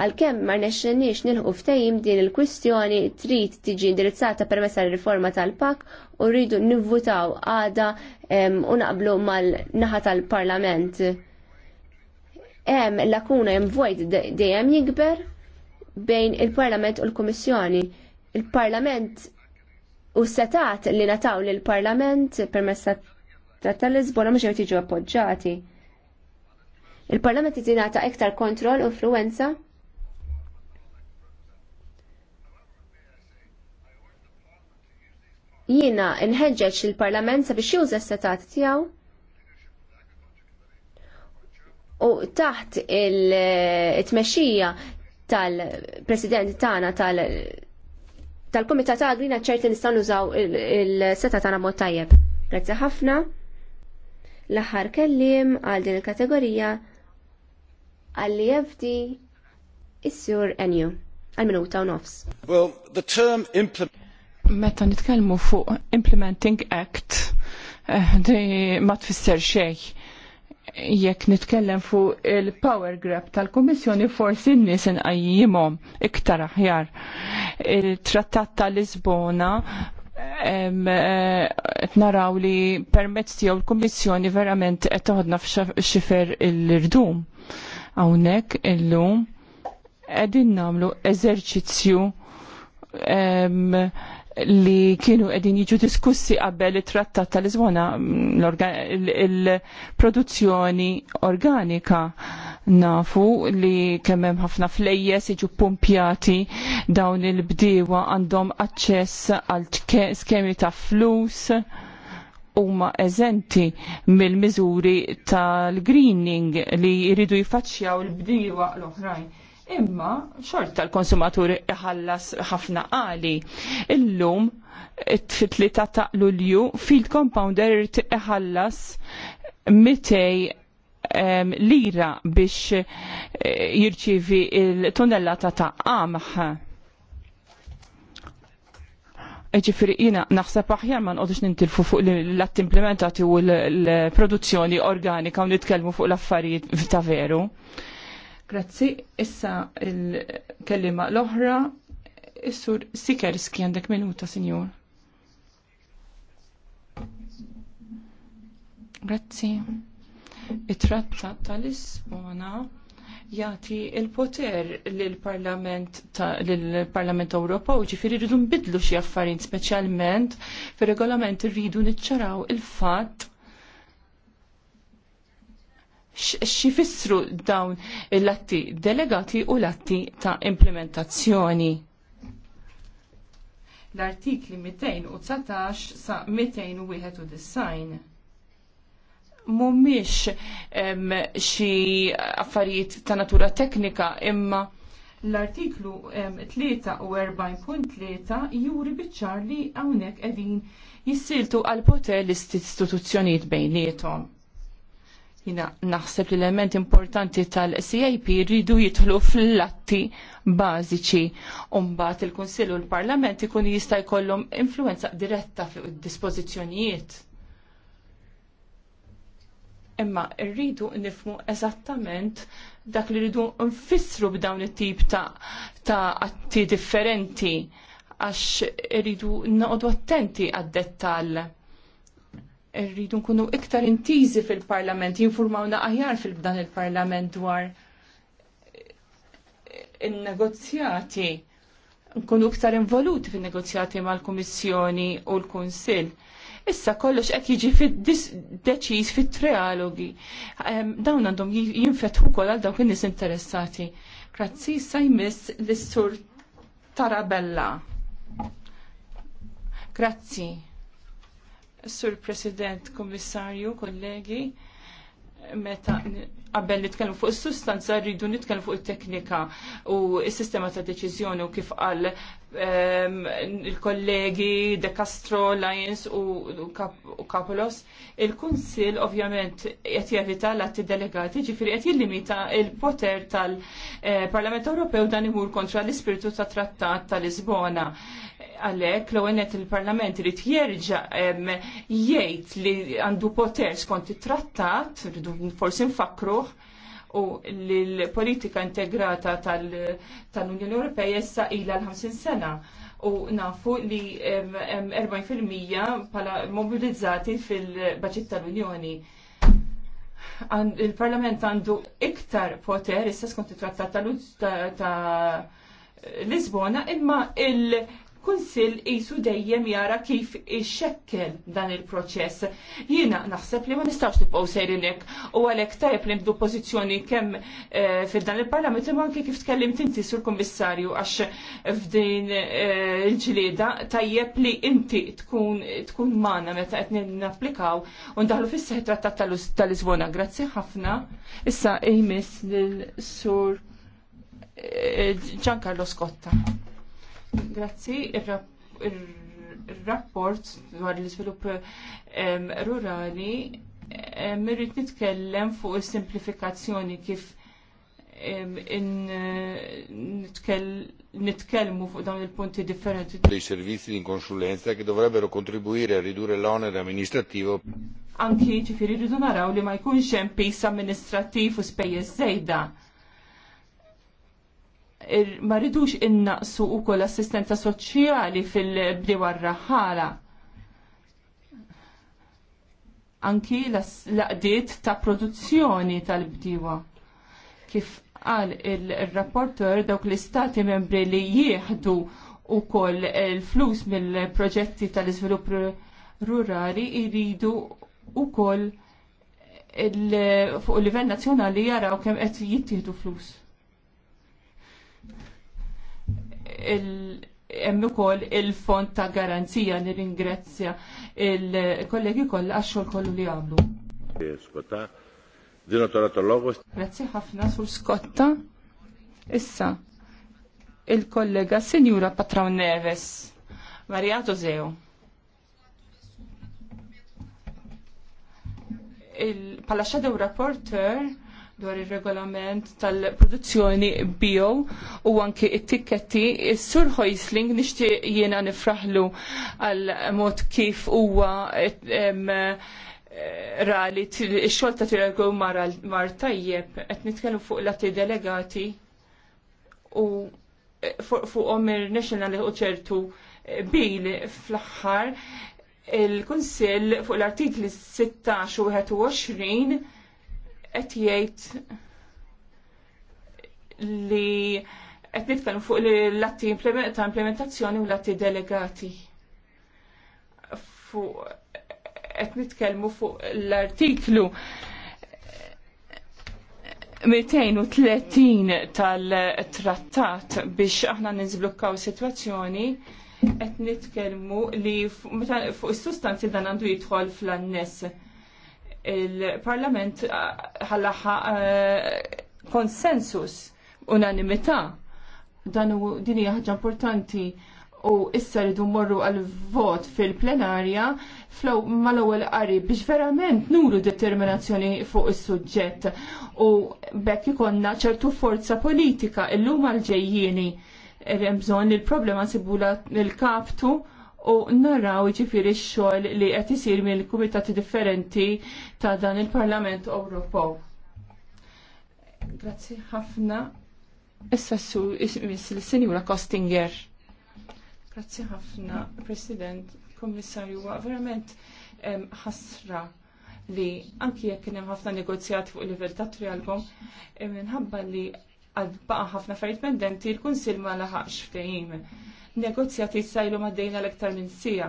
Għalkemm ma rnexxenniex nilħu ftehim din il-kwistjoni trid tiġi indirizzata permezz tal-riforma tal-PAK u rridu nivvutaw għada u naqblu mal-naħa tal-Parlament. Hemm lakuna hemm vojt dejjem jikber bejn il-Parlament u l-Kummissjoni. Il-Parlament u setat li nataw lill parlament permezz tal-Lisbona mhux jew jiġu appoġġjati. Il-Parlament ta' iktar kontroll u influenza Jiena nħeġġeġ il-Parlament sabiex juża s-setat tiegħu u taħt il-tmexxija tal-President tagħna tal- tal-Kumitat Agrina ċerti nistgħu nużaw il-seta tagħna mod tajjeb. Grazzi ħafna. L-aħħar kellim għal din il-kategorija għalli jefdi is-sur Enju għal minuta u nofs. Well, the term implement
Meta nitkellmu fuq Implementing Act, eh, di ma tfisser xej. Jekk nitkellem fuq il-power grab tal-Kummissjoni forsi n-nies inqajjimhom iktar aħjar. Il-Trattat tal-Lisbona eh, naraw li permezz tiegħu l-Kummissjoni verament qed toħodna f'xifer il-rdum. Hawnhekk illum qegħdin nagħmlu eżerċizzju li kienu edin jiġu diskussi qabel it-trattat tal izwana mm, il-produzzjoni organika nafu li kemmem ħafna flejjes jiġu pumpjati dawn il-bdiewa għandhom aċċess għal skemi ta' flus huma eżenti mill-miżuri tal-greening li jridu jfaċċjaw il-bdiewa l-oħrajn Imma xort tal-konsumatur iħallas ħafna għali. Illum it 3 ta' Lulju field compounder iħallas 200 lira biex eh, jirċivi il-tonnellata ta' qamħ. Ġifiri, jina naħseb aħjar ma nqodux nintilfu fuq l-att implementati u l-produzzjoni organika u nitkellmu fuq l-affarijiet ta' veru. Grazzi, issa il-kellima l-oħra, Is-sur Sikerski għandek minuta, signor. Grazzi. It-trattat tal-Lisbona jati il-poter l-Parlament l-Parlament Ewropew ġifieri rridu nbidlu xi affarijiet speċjalment fir-regolament irridu niċċaraw il-fatt xifissru dawn l-atti delegati u l-atti ta' implementazzjoni. L-artikli 219 sa' design mumiex xi affarijiet ta' natura teknika imma l-artiklu 43.3 juri biċċar li hawnhekk qegħdin jissiltu għal poter l-istituzzjonijiet bejnietom. Jina naħseb li l-element importanti tal-CIP rridu jitħlu fl-latti bażiċi. Umbat il-Konsil u l-Parlament ikun jista' jkollhom influenza diretta fuq id-dispożizzjonijiet. Imma rridu nifmu eżattament dak li rridu nfissru b'dawn it-tip ta', ta atti differenti għax rridu noqogħdu attenti għad-dettall rridu nkunu iktar intiżi fil-parlament, jinformawna aħjar fil-dan il-parlament dwar il-negozjati. Nkunu iktar involuti fil-negozjati mal-Komissjoni u l konsil Issa kollox qed jiġi fid-deċiż fit-trialogi. Dawn għandhom jinfetħu kol għal dawk in-nies interessati. Grazzi sajmis l-sur Tarabella. Grazzi. Sur President, Kommissarju, kollegi, meta qabel nitkellmu fuq is-sustanza rridu nitkellmu fuq it-teknika u s-sistema ta' deċiżjoni u kif qal ehm, il-kollegi De Castro, Lyons u Kapolos. Il-Kunsil ovvjament qed jevita l-atti delegati, ġifieri qed jillimita il-poter tal-Parlament eh, Ewropew dan imur kontra l-ispirtu ta' Trattat ta' Lisbona għalek l għenet il-parlament rrit jerġa jgħid li għandu poter skont it-trattat, rridu forsi nfakruħ, u l-politika integrata tal-Unjoni Ewropea issa ila l-50 sena u nafu li 40% pala mobilizzati fil-baċit tal-Unjoni il-Parlament għandu iktar poter, issa skont it-trattat ta' Lisbona, imma kunsil jisu dejjem jara kif ixekkel dan il-proċess. Jiena naħseb li ma nistax nibqgħu sejrinek u għalhekk tajjeb li nbdu pożizzjoni kemm eh, fil-dan il-parlament imma anke kif tkellimt inti sur kummissarju għax f'din eh, il-ġlieda tajjeb li inti tkun mana magħna meta qed napplikaw u ndaħlu fis-seħ trattat tal-Lisbona. Grazzi ħafna. Issa ejmis lil sur eh, Giancarlo Scotta. Grazzi, il-rapport dwar l-izvilupp rurali mirrit nitkellem fuq is-simplifikazzjoni kif nitkellmu fuq dawn il-punti differenti.
Dei servizi di konsulenza che dovrebbero contribuire a ridurre l'onere amministrativo.
Anki ġifiri rridu naraw li ma jkunx hemm pis amministrattiv u spejjeż żejda ma rridux innaqsu wkoll assistenza soċjali fil-bdewa raħala. Anki l-aqdiet ta' produzzjoni tal-bdiwa. Kif qal il-rapporter dawk l-istati membri li jieħdu wkoll l-flus mill-proġetti tal-iżvilupp rurali jridu wkoll fuq il livell nazzjonali jaraw kemm qed jittieħdu flus. hemm ukoll il-fond ta' garanzija li ringrazzja il-kollegi kollha għax-xogħol kollu li għamlu. Grazzi ħafna sur Skotta. Issa il-kollega senjura Patron Neves. Mariato Zeo. Il-Palaxadew Rapporteur dwar ir-regolament tal-produzzjoni bio u anki it-tikketti, is-sur Hoisling nixtieq jiena nifraħlu għal mod kif huwa rali x-xogħol ta' tiregu mar tajjeb qed nitkellmu fuq lati delegati u fuqhom ir-national u ċertu bil fl-aħħar il-Kunsill fuq l-artikli 16 u 21 qed jgħid li qed nitkellmu fuq l-atti ta' implementazzjoni u l-atti delegati. Fuq qed nitkellmu fuq l-artiklu 230 tal-trattat biex aħna nizblukkaw situazzjoni qed nitkellmu li fuq is-sustanzi dan għandu jidħol fl anness il-Parlament eh, ħallaħa eh, konsensus unanimità dan u din hija importanti u issa rridu morru għal vot fil-plenarja flow mal-ewwel qari biex verament nuru determinazzjoni fuq is-suġġett u bekk ikonna ċertu forza politika illum għal ġejjieni er, hemm bżonn il-problema sibula il kaptu u naraw ġifiri x-xogħol li qed isir mill-kumitati differenti ta' dan il-Parlament Ewropew. Grazzi ħafna. Issa su il senjura Kostinger. Grazzi ħafna, President, Kommissarju, verament ħasra li anki jekk kien hemm ħafna negozjat fuq livell ta' trialkom, minħabba li għadbaqa ħafna fajt pendenti l-Kunsill ma laħaqx ftehim negozjati sajlu maddejna l-ektar minn sija.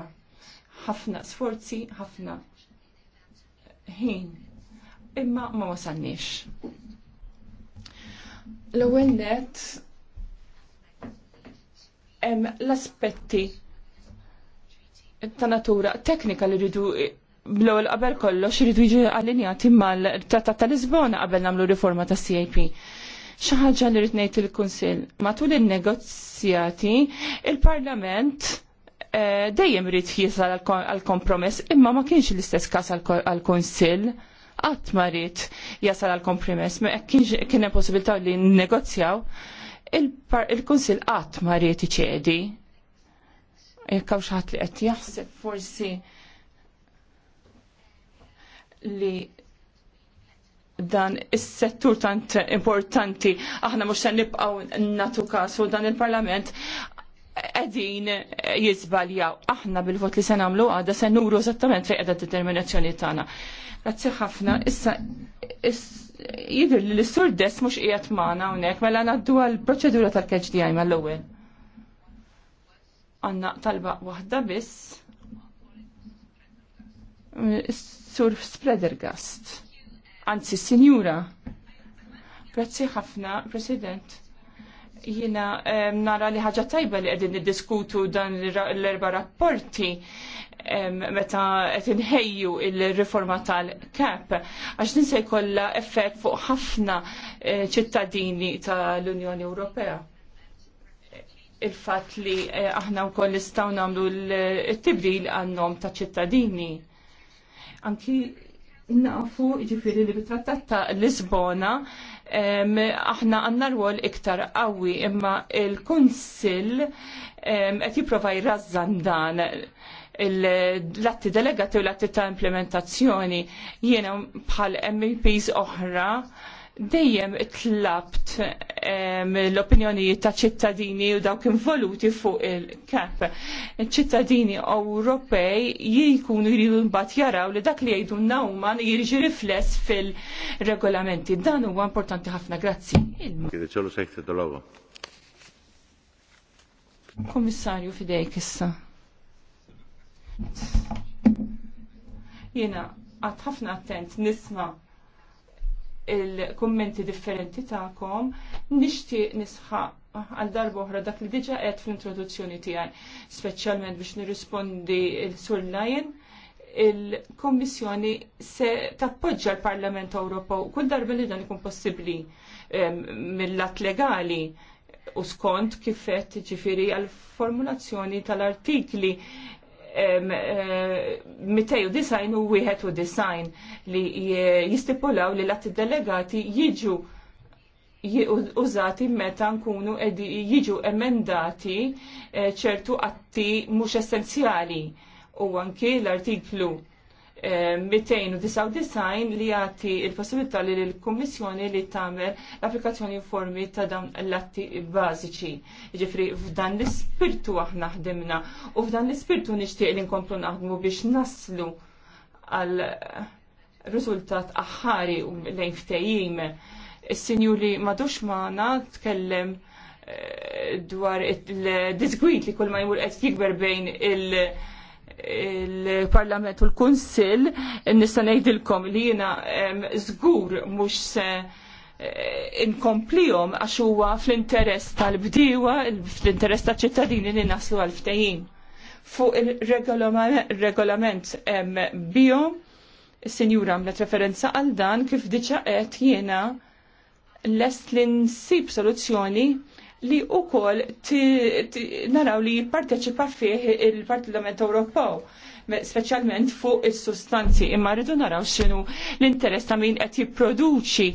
ħafna sforzi, ħafna ħin. Imma ma wasalniex. L-ewwel net hemm l-aspetti ta' natura teknika li rridu bl-ewwel qabel kollox rridu jiġu allinjati mal-Trattat ta' Lisbona qabel nagħmlu riforma ta' CIP. Xi ħaġa li ngħid il-Kunsill. Matul in-negozjati il-Parlament eh, dejjem rrid jisal għal kompromess imma ma kienx l-istess każ għal kunsill qatt ma rrid jasal għal kompromess ma kienx kien hemm possibilità li nnegozjaw il-kunsill qatt ma rrid iċedi. Jekk hawn li qed jaħseb forsi li dan is-settur tant importanti aħna mhux se nibqgħu natu kasu dan il-Parlament qegħdin jiżbaljaw. Aħna bil-vot li se nagħmlu għadha se nuru eżattament fejn qiegħda determinazzjoni tagħna. Grazzi ħafna. Issa jidher li l-istur dess mhux qiegħed magħna hawnhekk mela ngħaddu għall-proċedura tal-KHDI mal-ewwel. Għanna talba waħda biss. Sur Spredergast anzi sinjura. Grazzi ħafna, President. Jina nara li ħaġa tajba li qegħdin diskutu dan l-erba rapporti meta qed inħejju il-riforma tal kap għax din kolla jkollha effett fuq ħafna e, ċittadini tal-Unjoni Ewropea il-fat li e, aħna u koll istaw namlu l-tibril għannom ta' ċittadini. Anki nafu ġifiri li bit-trattat ta' Lisbona aħna għanna rwol iktar qawwi imma il-Kunsill qed jipprova jrażżan dan l-atti delegati u l-atti ta' implementazzjoni jiena bħal MEPs oħra dejjem tlabt l-opinjonijiet ta' ċittadini u dawk involuti fuq il-kap. ċittadini Ewropej jikunu jridu mbagħad jaraw li dak li jgħidu nawma jirġi rifless fil-regolamenti. Dan huwa importanti ħafna, grazzi. Komissarju fidejk issa. Jena, għad ħafna attent nisma' il-kommenti differenti ta'kom, nishti nisħa għal darba oħra dak li diġa għed fl-introduzzjoni tiegħi, speċjalment biex nirrispondi sur lajn il-Kommissjoni se tappoġġa l-Parlament Ewropew kull darba li dan ikun possibbli mill-lat legali u skont kif qed ġifieri għal formulazzjoni tal-artikli Eh, design u design li jistipulaw li l-atti delegati jiġu użati meta nkunu jiġu emendati eh, ċertu atti mhux essenzjali u anki l-artiklu 299 eh, li jagħti il-possibilità li l-Kummissjoni li tagħmel l-applikazzjoni informi ta' dawn l-atti bażiċi. Ġifri f'dan l-ispirtu aħna ħdimna u f'dan l-ispirtu nixtieq li nkomplu naħdmu biex naslu għal rizultat aħħari u lejn ftejjim. Is-sinjur li madux maħna tkellem eh, dwar il-disgwit li kull ma jmur qed jikber bejn il- il-Parlament u l-Kunsill nista' ngħidilkom li jiena żgur mhux se eh, inkomplihom għax huwa fl-interess tal-bdiewa, fl-interess tal-ċittadini li naslu għal ftehim. Fuq il-regolament bihom, is-sinjura għamlet referenza għal dan kif diċa qed jiena lest li nsib soluzzjoni li u kol naraw li jipparteċipa fih il-Parlament Ewropew specialment fuq il-sustanzi imma rridu naraw xinu l-interess ta' min qed jipproduċi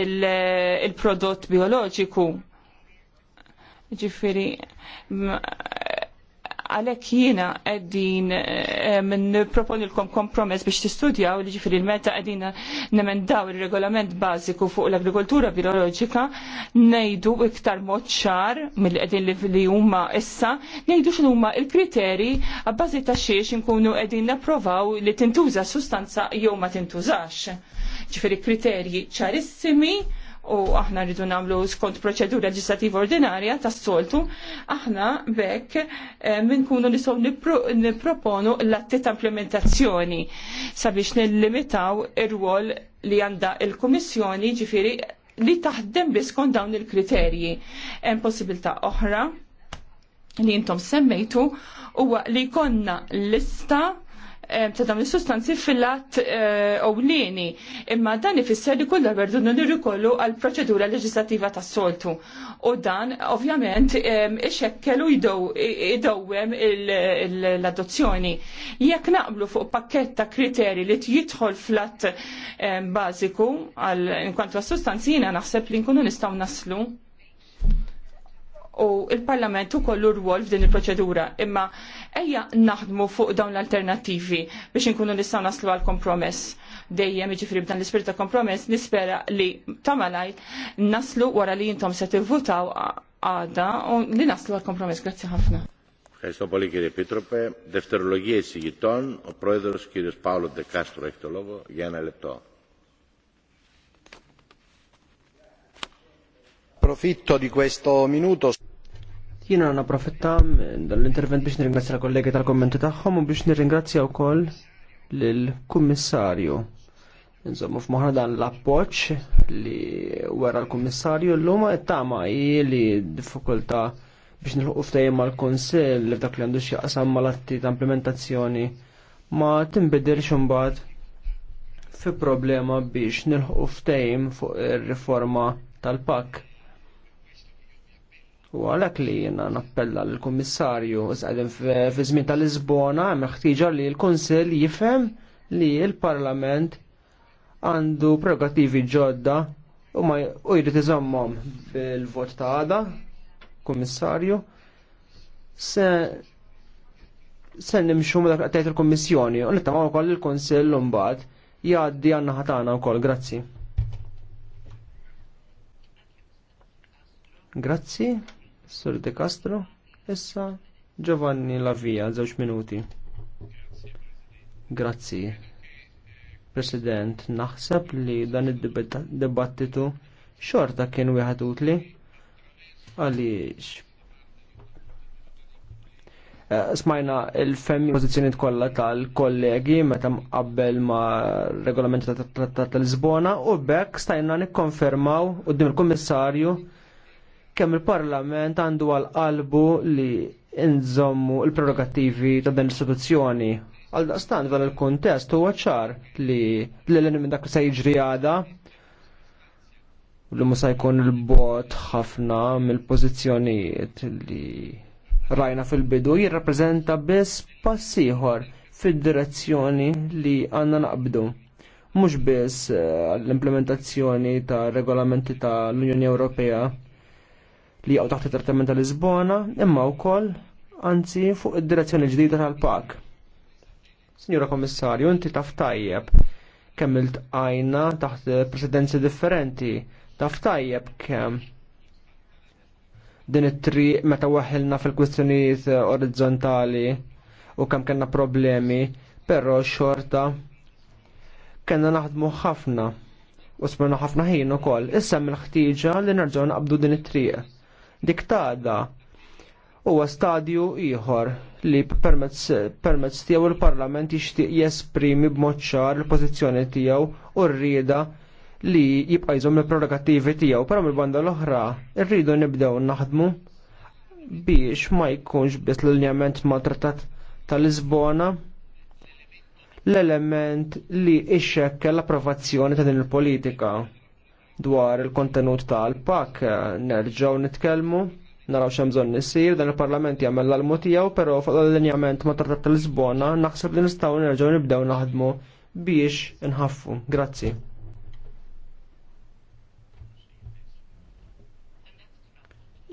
il-prodott bioloġiku. Ġifiri, għalhekk jiena qegħdin eh, minn proponilkom kompromess biex tistudjaw li ġifieri meta qegħdin nemendaw ir-regolament bażiku fuq l-agrikoltura bioloġika ngħidu iktar mod ċar mill għeddin li huma issa nejdu x'in huma l-kriteri għabbazi ta' xiex inkunu qegħdin napprovaw li tintuża sustanza jew ma tintużax. Ġifieri kriterji ċarissimi u aħna rridu nagħmlu skont proċedura leġislativa ordinarja tas-soltu, aħna bekk eh, minkunu nisom nipproponu l-atti ta' implementazzjoni sabiex nillimitaw ir-rwol li għandha il-Kummissjoni ġifiri li taħdem biskon dawn il-kriterji. Hemm possibilità oħra li intom semmejtu huwa li konna lista Eh, ta' dawn is-sustanzi fil-att eh, ewlieni. Imma dan ifisser li kull darba rridu kollu għal proċedura leġislattiva tas-soltu. U dan ovvjament ixekkel u jdowwem l-adozzjoni. Jekk naqblu fuq pakket ta' kriteri li jidħol fl-att bażiku għal inkwantu għas-sustanzi jiena naħseb li nkunu nistgħu naslu u il-Parlament u kollu rwol f'din il-proċedura, imma ejja naħdmu fuq dawn l-alternativi biex inkunu nistgħu naslu għal kompromess. Dejjem iġifri b'dan l-ispirit ta' kompromess nispera li tamalaj naslu wara li intom se tivvutaw għada u li naslu għal kompromess. Grazie ħafna.
Ευχαριστώ πολύ κύριε Επίτροπε. Δευτερολογία εισηγητών, ο πρόεδρος κύριος Παύλο Ντεκάστρο έχει το λόγο για ένα λεπτό.
Profitto di questo minuto.
Jiena profetta l-intervent biex nirringrazzja l-kollegi tal-kommenti tagħhom u biex nirringrazzja wkoll lill-kummissarju. f f'moħħna dan l-appoġġ li wara l-kummissarju l-lum tama li diffikultà biex nilħuq ftajjem mal-konsil li f'dak li għandu x'jaqsam mal-atti ta' implementazzjoni ma tinbidilx imbagħad fi problema biex nilħuq ftajjem fuq ir-riforma tal-pak. U għalhekk li jena nappella l-Kummissarju isqegħdin fi żmien tal-Lisbona hemm ħtieġa li l-Kunsill jifhem li l-Parlament għandu prerogattivi ġodda u ma u jrid iżommhom bil-vot ta' għada, Kummissarju, se se nimxu ma dak tajt il-Kommissjoni, u nittama wkoll il l umbad jgħaddi għanna ħatana wkoll, grazzi. Grazzi. Sur De Castro, issa Giovanni Lavia, żewġ minuti. Grazzi. President, naħseb li dan id-dibattitu xorta kien wieħed utli għaliex eh, smajna il-femmi pozizjoni kollha tal-kollegi meta mqabbel ma regolamenti tal-Lisbona u bekk stajna nikkonfermaw qudiem il-Kummissarju kemm il-Parlament għandu għal qalbu li nżommu il-prerogativi ta' dan l-istituzzjoni. Għal daqstan dan il-kontest huwa ċar li l-elen minn dak se jiġri għada l se jkun il-bot ħafna mill-pożizzjonijiet li rajna fil-bidu jirrappreżenta biss passiħor fid-direzzjoni li għanna naqbdu mhux biss eh, l-implementazzjoni ta' regolamenti ta' l-Unjoni Ewropea li jgħu taħt it-trattament tal-Lisbona, imma wkoll anzi fuq id-direzzjoni ġdida tal-pak. Signora Kommissarju, inti taf tajjeb kemm il-tqajna taħt presidenzi differenti, taf tajjeb kemm din it-triq meta waħilna fil-kwistjonijiet orizzontali u kemm kellna problemi, però xorta kellna naħdmu ħafna u smerna ħafna ħin ukoll. Issa mill-ħtieġa li nerġgħu naqbdu din it-triq Dik tada huwa stadju ieħor li permezz tiegħu il-Parlament jixtieq jesprimi b'mod ċar il-pożizzjoni tiegħu u rrieda li jibqajżhom il-prerogattivi tiegħu, però mill-banda l-oħra rridu nibdew naħdmu biex ma jkunx biss l-linjament mat trattat tal-Lisbona l-element li ixxekkel l-approvazzjoni ta' din il-politika dwar il-kontenut tal-pak nerġaw nitkellmu naraw xem zon nisir, dan il-Parlament jagħmel l-almu tiegħu, pero fuq l-allinjament ma' Trattat l Lisbona naħseb li nistgħu nerġgħu nibdew naħdmu biex nħaffu. Grazzi.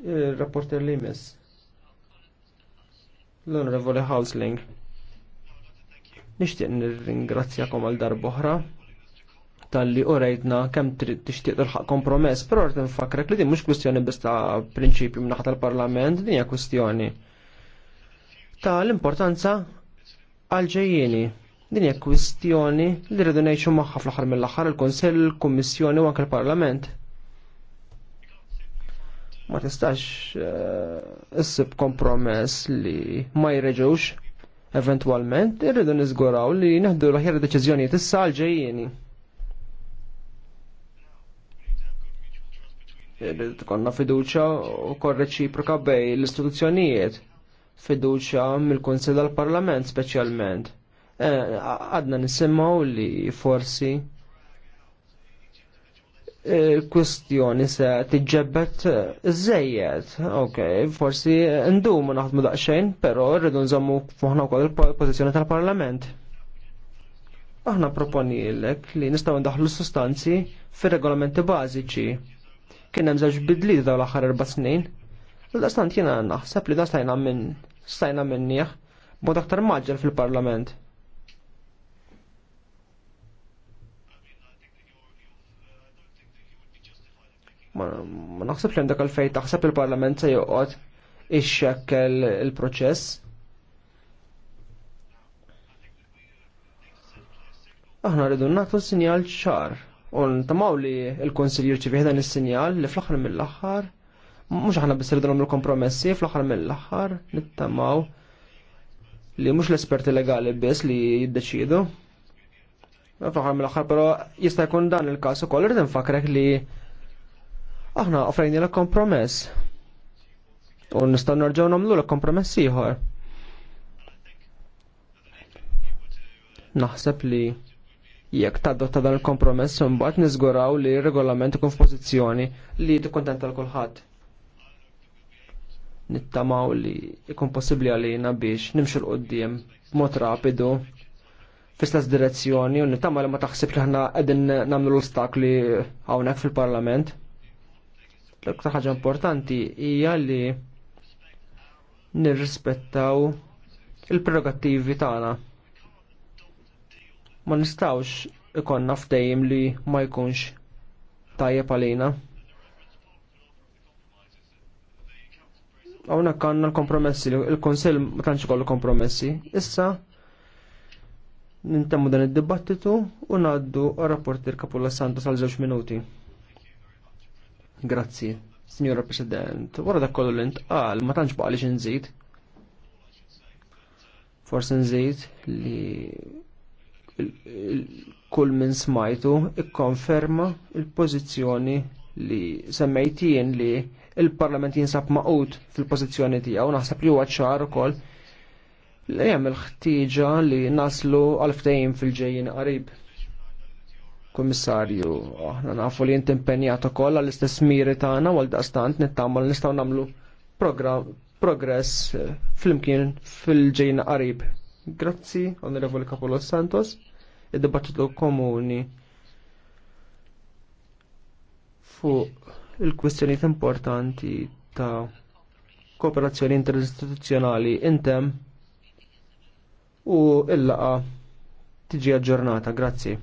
Il-rapporter li mis. L-Onorevoli Housling. Nixtieq nirringrazzjakom għal darboħra tal-li urejtna kemm trid tixtieq tilħaq kompromess, però rrid fakrek li din mhux kwistjoni biss ta' prinċipju minn tal-Parlament, din hija kwistjoni ta' l-importanza għal-ġejjieni. Din hija kwistjoni li rridu ngħixu magħha fl-aħħar mill-aħħar il kunsell il-Kummissjoni u anke l-Parlament. Ma tistax eh, issib kompromess li ma jreġux eventwalment, irridu niżguraw li neħdu l-aħjar deċiżjonijiet issa għal ġejjini. konna fiduċa u korreċi bej l-istituzzjonijiet, fiduċa mill-Konsil għal-Parlament speċjalment. Eh, għadna nisimmaw li forsi eh, il-kustjoni se tiġebbet żejjed, Ok, forsi ndumu naħdmu daqsxejn, però rridu nżommu fuħna wkoll il-pożizzjoni tal-Parlament. Aħna proponijilek li nistgħu ndaħlu sustanzi fir-regolamenti bażiċi kien hemm żewġ bidli dawn l-aħħar erba' snin. L-dastant jiena naħseb li da stajna minn stajna minnih b'mod aktar maġġel fil-Parlament. Ma naħseb li hemm dak il-fejn taħseb il-Parlament se joqgħod ixxekkel il-proċess. Aħna rridu nagħtu sinjal ċar U ntamaw li il-Konsil jirċivi dan is-sinjal li fl-aħħar mill-aħħar mhux aħna biss irridhom il-kompromessi fl-aħħar mill-aħħar nittamaw li mhux l-esperti legali biss li jiddeċidu. Fl-aħħar mill-aħħar però jista' jkun dan il-każ ukoll irid infakrek li aħna offrejni l kompromess u nistgħu nerġgħu nagħmlu l kompromess ieħor. Naħseb li Jekk tadotta dan il-kompromess mbagħad niżguraw li r-regolament ikun f'pożizzjoni li tikkuntenta l kulħadd. Nittamaw li ikun possibbli għalina biex nimxu l-qoddim b'mod rapidu fl-istess direzzjoni u nittama li ma taħsib li ħna qegħdin nagħmlu l-ostakli hawnhekk fil-Parlament. L-iktar ħaġa importanti hija li nirrispettaw il-prerogattivi tagħna ma nistawx ikonna f'dejjem li ma jkunx tajjeb għalina. Għawna għandna l-kompromessi, il konsil ma tantx kollu kompromessi. Issa nintemmu dan id-dibattitu u ngħaddu għar-rapportir Kapulla Santos sal żewġ minuti. Grazzi, Signora President. Wara dak kollu li ntqal ma tantx baqgħu li nżid. Forsi nżid li kull minn smajtu ikkonferma il-pożizzjoni li semmejtien li il-Parlament jinsab maqut fil-pożizzjoni tiegħu naħseb li huwa ċar ukoll li hemm il-ħtieġa li naslu għal fil-ġejjin qarib. Kummissarju, aħna nafu li inti impenjat ukoll għall-istess miri tagħna għal daqstant nittamal nistgħu nagħmlu progress flimkien fil-ġejjin qarib. Grazzi, Onorevole Capolo Santos, id-dibattitu komuni Fu il questioni importanti ta' kooperazzjoni interistituzzjonali tem u illa laqa tiġi aġġornata. Grazzi.